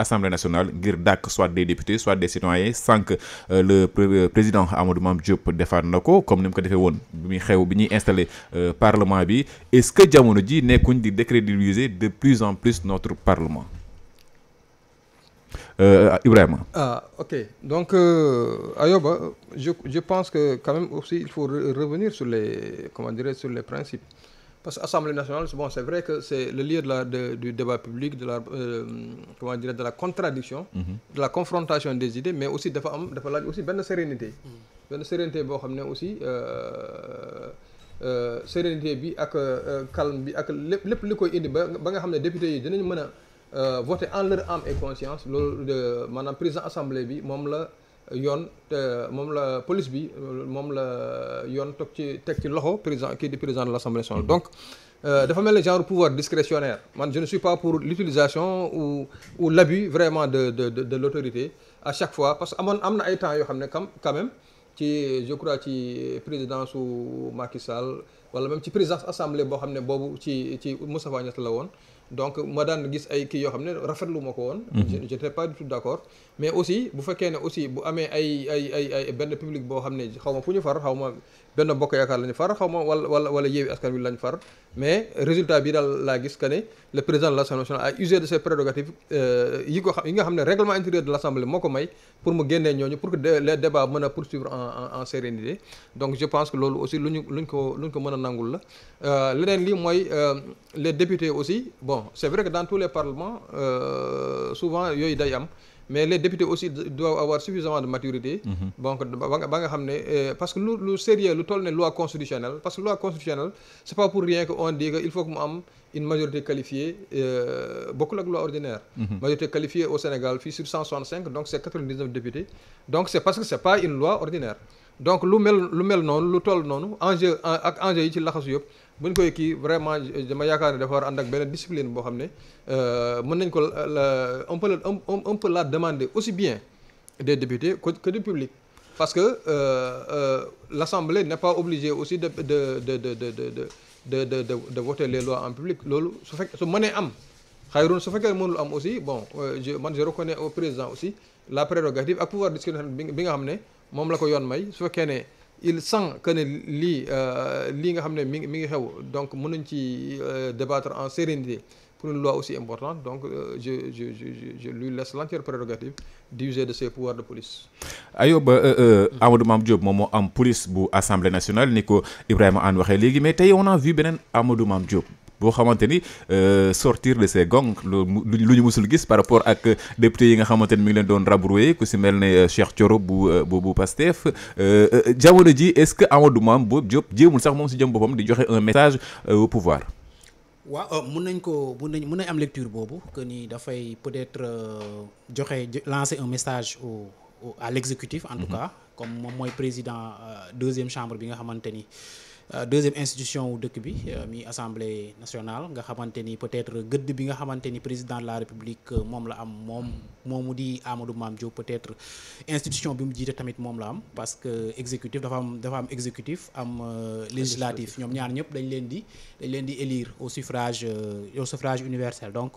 Assemblée nationale ngir dàkk soit des députés soit des citoyens sànq euh, le euh, président Amadou Mame Diop defaat na ko comme ni mu ko defee woon bi muy xew bi ñuy installé euh, parlement bi est-ce que jamono ji nekkuñ di décrédibiliser de plus en plus notre parlement Ibrahima. ah donc Ayoba je je pense que quand même revenir sur les comment dirais sur les principes Parce que l'Assemblée nationale, bon, c'est vrai que c'est le lieu de la, de, du débat public, de la, euh, la contradiction, mhm. de la confrontation des idées, mais aussi de la aussi benn sérénité. Mm. benn sérénité, boo xam ne aussi euh, euh, sérénité bi ak calme bi ak lépp lépp li koy indi ba ba nga xam ne député yi dinañ mën a voter en leur âme et conscience loolu maanaam président assemblée bi moom la. yoon te moom la police bi moom la yoon toog ci teg ci loxo président kii di président de l'Assemblée nationale donc euh, dafa mel ne genre pouvoir discrétionnaire man je ne suis pas pour l'utilisation ou ou l'abus vraiment de de de de l'autorité à chaque fois parce que amoon am na ay temps yoo xam ne kam quand même ci je crois ci présidence su Macky wala même ci présidence assemblée boo xam ne boobu ci ci Moustapha Niasse la woon donc ma daan gis ay kii yoo xam ne rafetlu ma ko woon. Mhm. j'étais pas du tout d'accord. mais aussi bu fekkee ne aussi bu amee ay ay ay benn public boo xam ne xaw ma fu ñu far xaw ma benn bokk yaakaar la ñu far xaw ma wala wala wala Yewwi Askan Wi lañ far mais résultat bi daal laa gis que ne le président de l'Assemblée nationale a usé de ses prérogatives euh, yi ko xam yi nga xam ne règlement intérieur de l'Assemblée moo ko may pour mu génnee ñooñu pour que les débats mën a poursuivre en en sérénité je pense que loolu aussi lu ñu luñ ko luñ ko mën a nangul la euh, leneen lii mooy euh, les députés aussi bon. bon c'est vrai que dans tous les parlements euh, souvent yooyu day am mais les députés aussi doivent avoir suffisamment de maturité. Mhm. donc nga ba nga xam ne euh, parce que lu lu sérieux lu tol ne loi constitutionnelle parce que loi constitutionnelle c'est pas pour rien que on dit que il faut que mu am une majorité qualifiée euh, bokkul ak loi ordinaire. Mhm. majorité qualifiée au Sénégal fii sur 165 donc c'est 99 députés donc c'est parce que c'est pas une loi ordinaire donc lu mel lu mel noonu lu toll noonu enjeu ak enjeu yi ci laxasu yëpp. bu ñu koy kii vraiment dama yaakaar ne dafa war ànd ak beneen discipline boo xam ne mën nañ ko on peut on peut la demander aussi bien des députés que du public parce que l'Assemblée n'est pas obligée aussi de de de de de de de de de voter les lois en public loolu su fekk su mënee am xayrun su fekkee mënul am aussi bon je man je reconnais au président aussi la prérogative ak pouvoir discrétionnaire bi nga xam ne moom la ko yoon may su fekkee ne. il sent que ne lii euh, lii nga xam ne mi ngi mi ngi xew donc mën nañ ci euh, débattre en sérénité pour une loi aussi importante donc euh, je je je je lui laisse l'entière prérogative d'user de ses pouvoirs de police. Ayoba Amadou Mame Diop moom moo am police bu assemblée nationale ni ko Ibrahima Anne waxee léegi mais tey on a vu beneen Amadou Mame Diop. boo xamante ni euh, sortir de ses gonds lu ñu mosul gis par rapport ak euh, député yi nga xamante ni mi ngi leen doon rabroué ku si mel ne euh, Cheikh Thioro bu bu bu Pastef jamono ji est-ce que Amadou Mame Boye Diop jéemul sax moom si jëm boppam di joxe un message au pouvoir. waaw mun nañ ko mun nañ mun nañ am lecture boobu que nii dafay peut-être joxe lancer un message au à l'exécutif en tout mhm. cas comme moom mooy président deuxième chambre bi nga xamante Euh, deuxième institution wu dëkk bi euh, mi assemblée nationale nga xamante ni peut-être gëdd bi nga xamante ni président de la république euh, moom la am moom moom mu di Amadou Mame Diop peut-être institution bi mu jiite tamit moom la am parce que exécutif dafa am dafa am exécutif am législatif ñoom ñaar ñëpp dañ leen di dañ leen di élire au suffrage au suffrage universel donc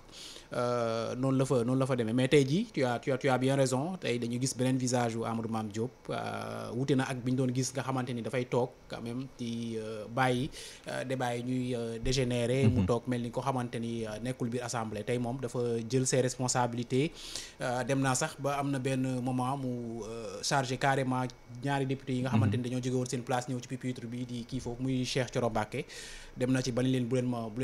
Euh, noonu la fa noonu la fa demee mais tey jii tu as tu bien raison tey dañu gis beneen visage wu Amadou Mame Diop euh, wuute na ak bi ñu doon gis nga xamante ni dafay toog quand même di euh, bàyyi débat yi ñuy dégénérer. Mhm. mu toog mel ni ko xamante ni nekkul bi assemblée tey moom dafa jël ses responsabilités dem naa sax ba am na benn moment mu chargé carrément ñaari député yi nga xamante mhm. ni dañoo jóge woon seen place ñëw ci pupitre bi di kii foofu muy Cheikh Thioro dem na ci ba ni bu leen ma bu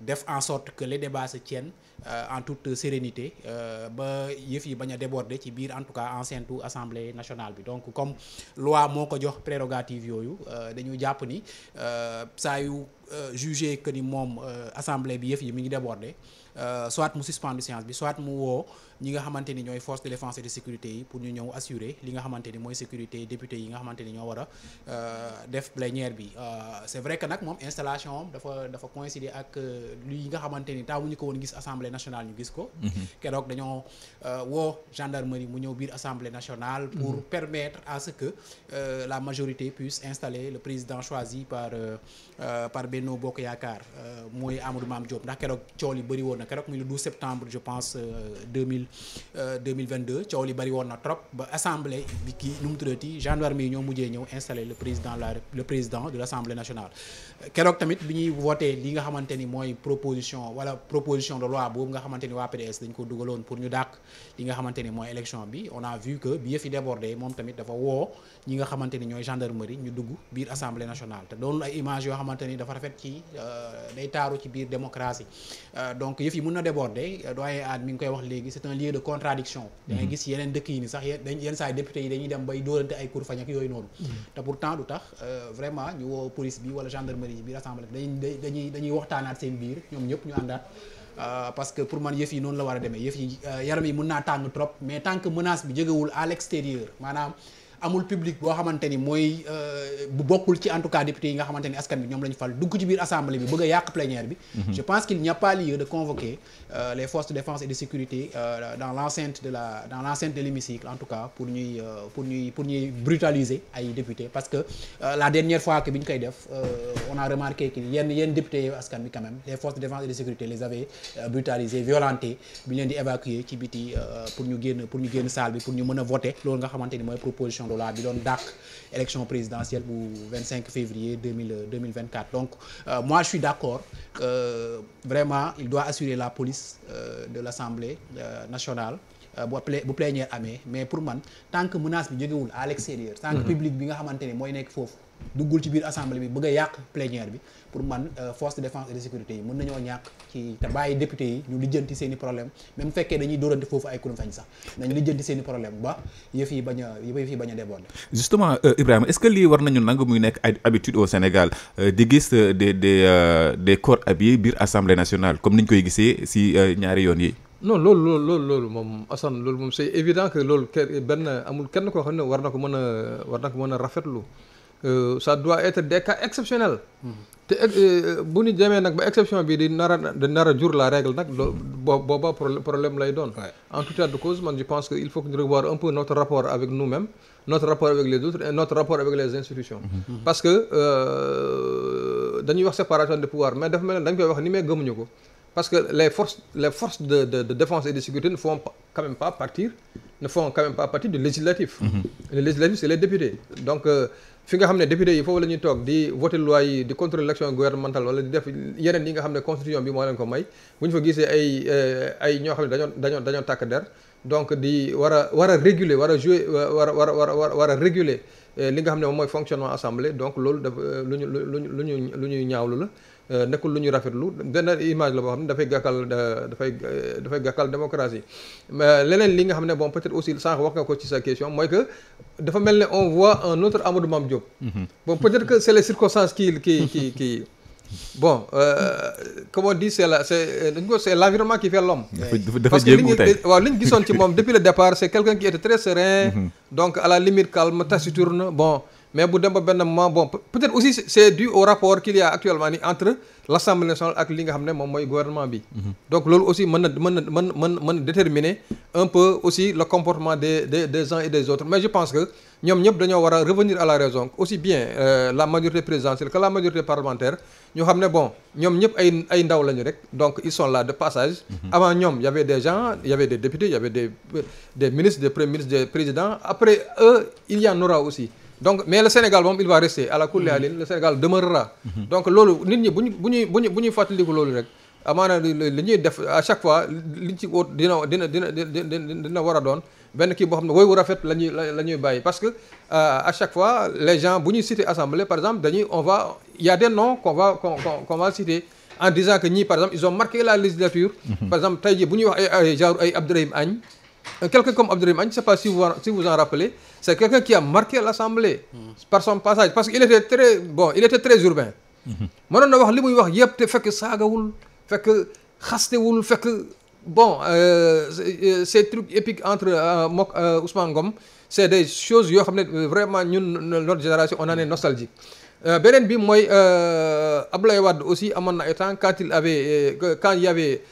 def en sorte que les débats se tiennent euh, en toute sérénité euh, ba yëf yi bañ a ci biir en tout cas enceinte assemblée nationale bi donc comme loi moo ko jox prérogative yooyu euh, dañu jàpp ni saa yu jugé que ni moom assemblée bi yëf yi mi ngi déborder soit mu suspendre séance bi soit mu woo ñi nga xamante ni ñooy force de défense et de sécurité yi pour ñu ñëw assurer li nga xamante ni mooy sécurité député yi nga xamante ni ñoo war a def plénière bi c'est vrai luy nga xamante ni taamu ñu ko woon gis assemblée nationale ñu gis ko. Mhm. keroog dañoo euh, woo gendarmerie mu ñëw biir assemblée nationale. pour mhm. permetre à ce que euh, la majorité puisse installer le président choisi par euh, par Benno Bokk Yaakaar mooy Amadou Mame Diop ndax keroog cool yi bari woon na keroog muy le septembre je pense 2000 2022 coow li bëri woon na trop ba assemblée bi ki nu mu tuddati gendarmerie ñoo mujjee ñëw installer le président la le président de l'assemblée nationale proposition wala proposition de loi boobu nga xamante waa PDS dañ ko dugaloon pour ñu dàq li nga xamante mooy élection bi on a vu que bi yëf yi débordé moom tamit dafa woo ñi nga xamante ñooy gendarmerie ñu dugg biir assemblée nationale te doon ay image yoo xamante dafa rafet ci euh, day taaru ci biir démocratie euh, donc yëf yi mun na déborder doyen aad mi ngi koy wax léegi c'est un lieu de contradiction mm-hmm. da ngay gis yeneen dëkk yi ni sax biir ñoom ñëpp ñu àndaat euh, parce pour man yëf yi noonu la war a demee yëf yi euh, yaram yi mën naa tàng trop mais tant que bi jógewul à l'extérieur maanaam amul public boo xamante ni mooy euh, bu bokkul ci en tout cas député yi nga xamante askan bi ñoom la fal dugg ci biir assemblée bi bëgg a yàq bi mhm. je pense que euh, la dernière fois que bi ñu koy def euh, on a remarqué que yenn yenn députés askan bi quand les forces de défense et de sécurité les avaient brutalisés violentés bi leen di évacuer ci biti pour ñu génn pour bi pour ñu mën a voter loolu nga xamante mooy proposition proposition de loi bi doon dàq élection présidentielle bu 25 février 2000 2024 donc euh, moi je suis vraiment il doit la police euh, de l'Assemblée euh, nationale bu pla bu plénière amee mais pour man tant que menace bi jógewul à l'extérieur tant que mhm. bi nga xamante ne mooy nekk foofu duggul ci biir assemblée bi bëgg a yàq plénière bi pour man euh, force de défense et de sécurité yi mën nañoo ñàkk ci te bàyyi député yi ñu lijjanti seen i problème même fekkee dañuy dóorante foofu ay kuréel fañ sax nañ lijjanti seen i problème ba yëf yi bañ a yëf yi bañ a justement euh, Ibrahima est-ce que lii war nañu nangu muy nekk habitude au Sénégal euh, di gis des des des corps habillés biir assemblée nationale comme niñ koy gisee si ñaari yoon yi non loolu loolu loolu moom Assane loolu moom c'est évident que loolu benn amul kenn koo xam ne war na ko mën a war na ko a rafetlu euh, ça doit être des cas exceptionnels. Mm-hmm. te euh, bu ñu demee nag ba exception bi di nar a di nar a jur la règle nag loo booba problème lay doon. en tout état de cause man je pense que il faut que ñu revoir un peu notre rapport avec nous-mêmes notre rapport avec les autres et notre rapport avec les institutions. Mm-hmm. parce que euh, dañuy wax séparation de pouvoir mais dafa mel ne dañ koy wax ni mais gëmuñu ko. parce que les force les forces de de de défense et de sécurité ne font quand même pas partir ne font quand même pas partie du législatif. Mm législatif c'est les députés. donc euh, fi nga xam ne député yi foofu la ñuy toog di voter loi yi di contrôler l'action gouvernementale wala di def yeneen yi nga xam ne constitution bi moo leen ko may bu ay euh, ay ñoo dañoo dañoo dañoo tàkk der donc di war a war a réguler war a jouer war a war a war war a réguler euh, li nga xam ne moom mooy fonctionnement assemblée donc loolu dafa lu ñu lu ñu lu ñu lu ñaawlu la. Euh, nekkul lu ñuy rafet rafetlu benn image la boo xam ne dafay gàkkal euh, dafay euh, dafay gàkkal démocratie mais leneen li nga xam ne bon peut-être aussi sànq wax nga ko ci sa question mooy que dafa mel ne on un autre Amadou Mame Diop mhm. bon peut-être que c'est les circonstances qui qui qui qui bon euh, comme on dit c'est la c'est dañ ko c'est l'environnement qui fait l'homme parce que li ñu gisoon ci moom depuis le départ c'est quelqu'un qui était très serein mhm. donc à la limite calme taciturne mais bu dem ba benn moment bon peut-être aussi c'est dû au rapport qu'il a actuellement ni entre l'Assemblée nationale ak li nga xam ne moom mooy gouvernement bi mhm. donc loolu aussi mën na mën na mën mën mën déterminer un peu aussi le comportement des des des uns et des autres mais je pense que ñoom ñëpp dañoo war a revenir à la raison aussi bien euh, la majorité présidentielle que la majorité parlementaire ñu xam ne bon ñoom ñëpp ay ay ndaw lañu rek donc ils sont là de passage mhm. avant ñoom y avait des gens y avait des députés y avait des des ministres des premiers ministres des présidents donc mais le Sénégal moom il va rester à la kulli mm-hmm. alin le Sénégal demeurera. Mm-hmm. donc loolu nit ñi bu ñu bu ñuy bu ñu bu ñuy loolu rek. amaana li ñuy def à chaque fois liñ ci wóot dina dina dina dina war a doon benn kii boo xam ne wooy wu rafet la ñuy la ñuy bàyyi parce que euh, à chaque fois les gens bu ñuy citer assemblée par exemple dañuy on va y a des noms qu'on va qu'on qu'on va en que ñii par exemple ils ont marqué la législature. Mm-hmm. par exemple tey bu ñuy wax ay genre ay Abdourahim Euh, quelqu'un comme Abdourahim Agne je sais pas si vous si vous en rappelez c'est quelqu'un qui a marqué l'Assemblée hmm. par son passage parce que il était très bon il était très urbain hmm. mënoon na wax li muy wax yëpp te fekk saagawul fekk xastewul fekk bon euh, euh, ces trucs épiques entre euh, mook euh, Ousmane Ngom c'est des choses yoo xam ne vraiment ñun notre génération on en est nostalgique euh, beneen bi mooy Abdoulaye Wade aussi amoon na ay temps quand il avait